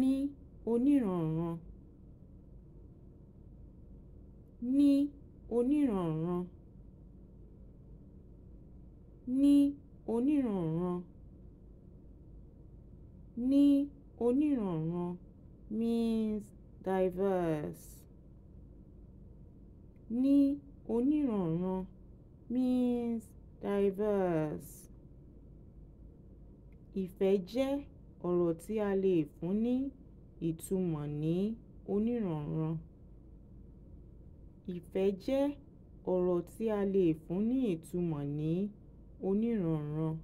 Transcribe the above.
ní onírànran ní onírànran ní onírànran ní onírànran means diverse ní onírànran means diverse ìfẹ́ jẹ́ ọ̀rọ̀ tí a lè fún ní ìtumọ̀ ní onírànran. Ìfẹ́ jẹ́ ọ̀rọ̀ tí a lè fún ní ìtumọ̀ ní onírànran.